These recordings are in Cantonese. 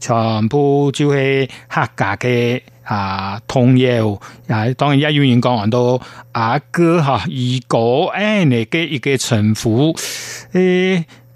全部就係客家嘅啊，童謠啊，當然一語言講都阿、啊、哥吓、二哥誒，嘅個稱呼誒。哎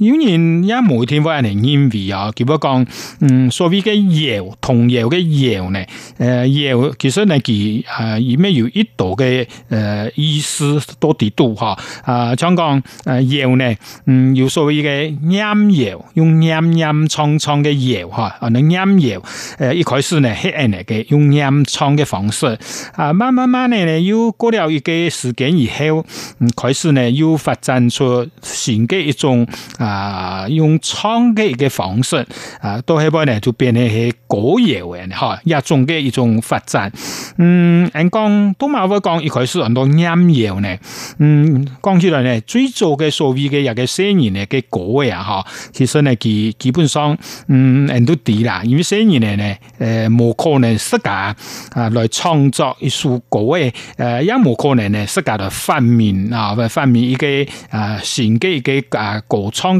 有人也每天我係嚟認為啊，給我講，嗯，所謂的謠同謠的謠呢，呃，謠其實呢其啊，而、呃、咩有一度的呃，意思多地度吓，啊，像講呃，謠呢，嗯，有所謂個唸謠，用唸唸蒼蒼的謠吓，啊，呢唸謠，呃，一開始呢黑暗嘅，用唸蒼的方式，啊，慢慢慢呢，又過了一個時間以後，嗯，開始呢，又發展出新的一種啊。啊，用唱嘅一個方式啊，到後邊呢，就變係係歌謠嚟嘅，吓、啊，一種嘅一種發展。嗯，嗯講都冇乜講，一開始諗到音謠呢，嗯，講起來呢，最早嘅所謂嘅一個先人嘅歌啊，吓，其實呢，基基本上，嗯，人都知啦，因為先人呢，誒、呃，冇可能識噶、呃、啊，來創作一首歌誒，誒，也冇可能咧識噶來發明啊，發明一個啊，新嘅啊，歌唱。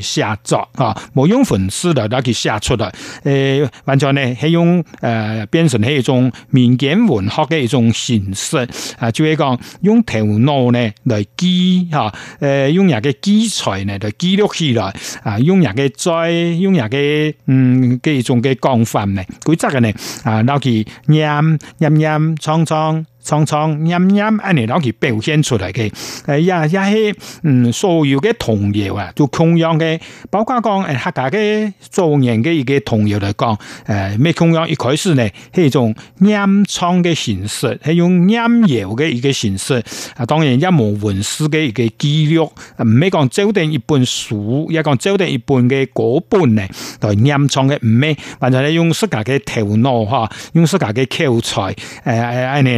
寫作啊，冇、哦、用文字的下去下去下去，攞佢寫出嚟，誒，完全咧係用誒、呃，變成係一種民間文學嘅一種形式啊，就會講用頭腦咧來記吓，誒，用人嘅器材咧來記錄起來，啊，用人嘅再用人嘅嗯，嗰種嘅講法咧，規則嘅咧，啊，攞佢念念念，唱唱。唱唱唱唱吟吟，阿你攞佢表現出嚟嘅，也也是嗯，所有嘅童謠啊，都同樣嘅。包括講，誒客家嘅做人嘅一個童謠嚟講，誒咩同樣。一開始咧係一種吟唱嘅形式，係用吟謠嘅一個形式。啊，當然一模文史嘅一個記錄，啊唔係講招定一本書，亦講招定一本嘅嗰本咧嚟吟唱嘅，唔、啊、咩？反正係用自家嘅頭腦嚇、啊，用自家嘅口才誒誒，阿、啊、你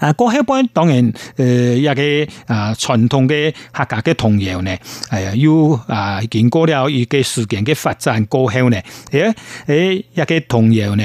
啊，過後點當然，呃，一個啊傳統嘅客家嘅童謠呢，係、哎、呀，又啊經過了一個時間嘅發展過後呢，誒誒一個童謠呢。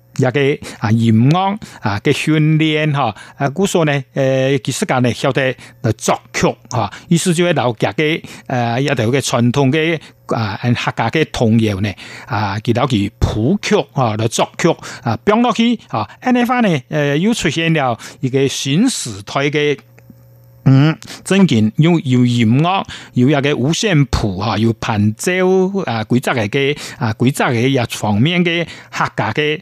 也個啊音樂啊嘅訓練哈，啊故說呢，誒，段時間呢，曉得來作曲哈，意思就係留住嘅，誒，一條嘅傳統嘅啊按客家嘅童謠呢，啊，佢了住譜曲哈來作曲，啊，編落、啊、去，啊，安尼方呢，誒、呃，又出現了一個新時代嘅，嗯，整件又又音樂又一個五線譜哈，又伴奏啊規則嘅，啊規則嘅一方面嘅客家嘅。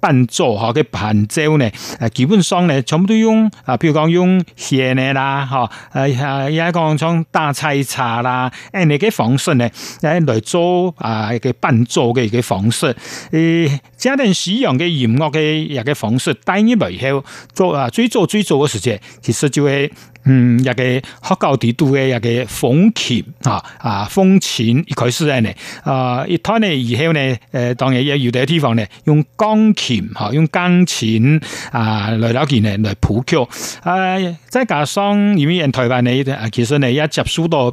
伴奏哈個伴奏呢？誒，基本上呢，全部都用啊，比如講用弦，呢啦，哈，誒，也講從大菜茶啦，誒，你個方式呢？誒，嚟做啊嘅伴奏嘅個方式，誒，家庭使用嘅音樂的一個方式帶入嚟做啊，最早最早嘅時間，其實就係。嗯，一個學教地度嘅一個風琴啊啊，風琴開始咧，啊，一睇呢，以後呢，誒，當然要有啲地方咧用鋼琴嗬，用鋼琴啊嚟到佢來普及，誒、啊，再加上如果人台灣呢，嘅，其實呢，一接觸到。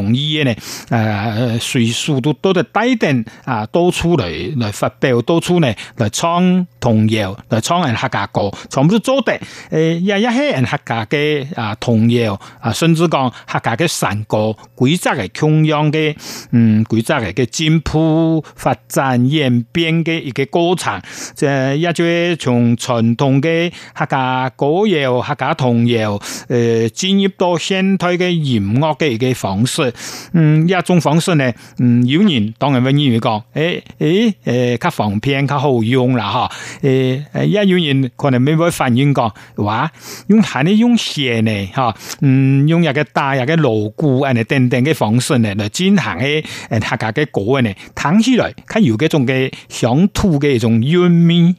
同意呢，誒、呃，隨數都多啲帶電啊，到處來來發表，到處咧來創童謠，來創人客家歌，全部都做得呃，也也一些人客家嘅啊，童謠，啊，甚至講客家嘅山歌規則嘅中央的，嗯，規則嘅嘅進步發展演變的一個過程，即也就從傳統嘅客家歌謠、客家童謠呃誒，進入到現代嘅音樂嘅嘅方式。嗯，一種方式呢，嗯，有人當然會認為講，誒誒誒，佢方便佢好用啦，哈、欸，誒誒，一有人可能未必反應講，話用下啲用蛇呢，哈，嗯，用一個大一個鑼鼓，誒，等等嘅方式呢，嚟進行嘅誒，客家嘅果呢，彈出來，有種的鄉土的一種韻味，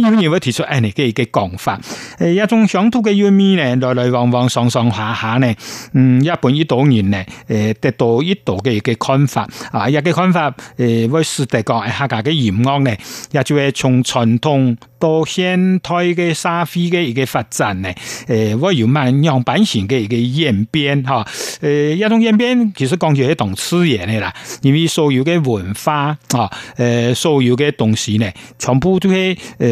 有人會提出誒講法，誒、欸，一種鄉土嘅韻味呢，來來往往上上下下呢，嗯，一般呢，欸誒，得到呢度嘅嘅看法，啊，一個看法，誒、呃，會使得個客家嘅延安咧，也就會從傳統，嗯嗯到現代嘅社會嘅一個發展咧，誒、呃，我樣板型的一個演變，哈、哦，誒、呃，一種演變其實講起係黨史嘢啦，因為所有的文化，啊、哦，誒、呃，所有的東西全部都、就、係、是，誒、呃，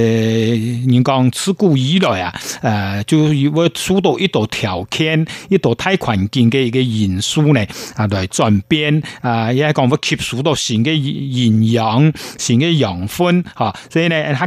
你講自古以來啊，誒，就因為一道條件，一道太環境的一個因素啊，轉變，啊，講我吸收到新的營養，新的養分，哈、哦，所以咧，客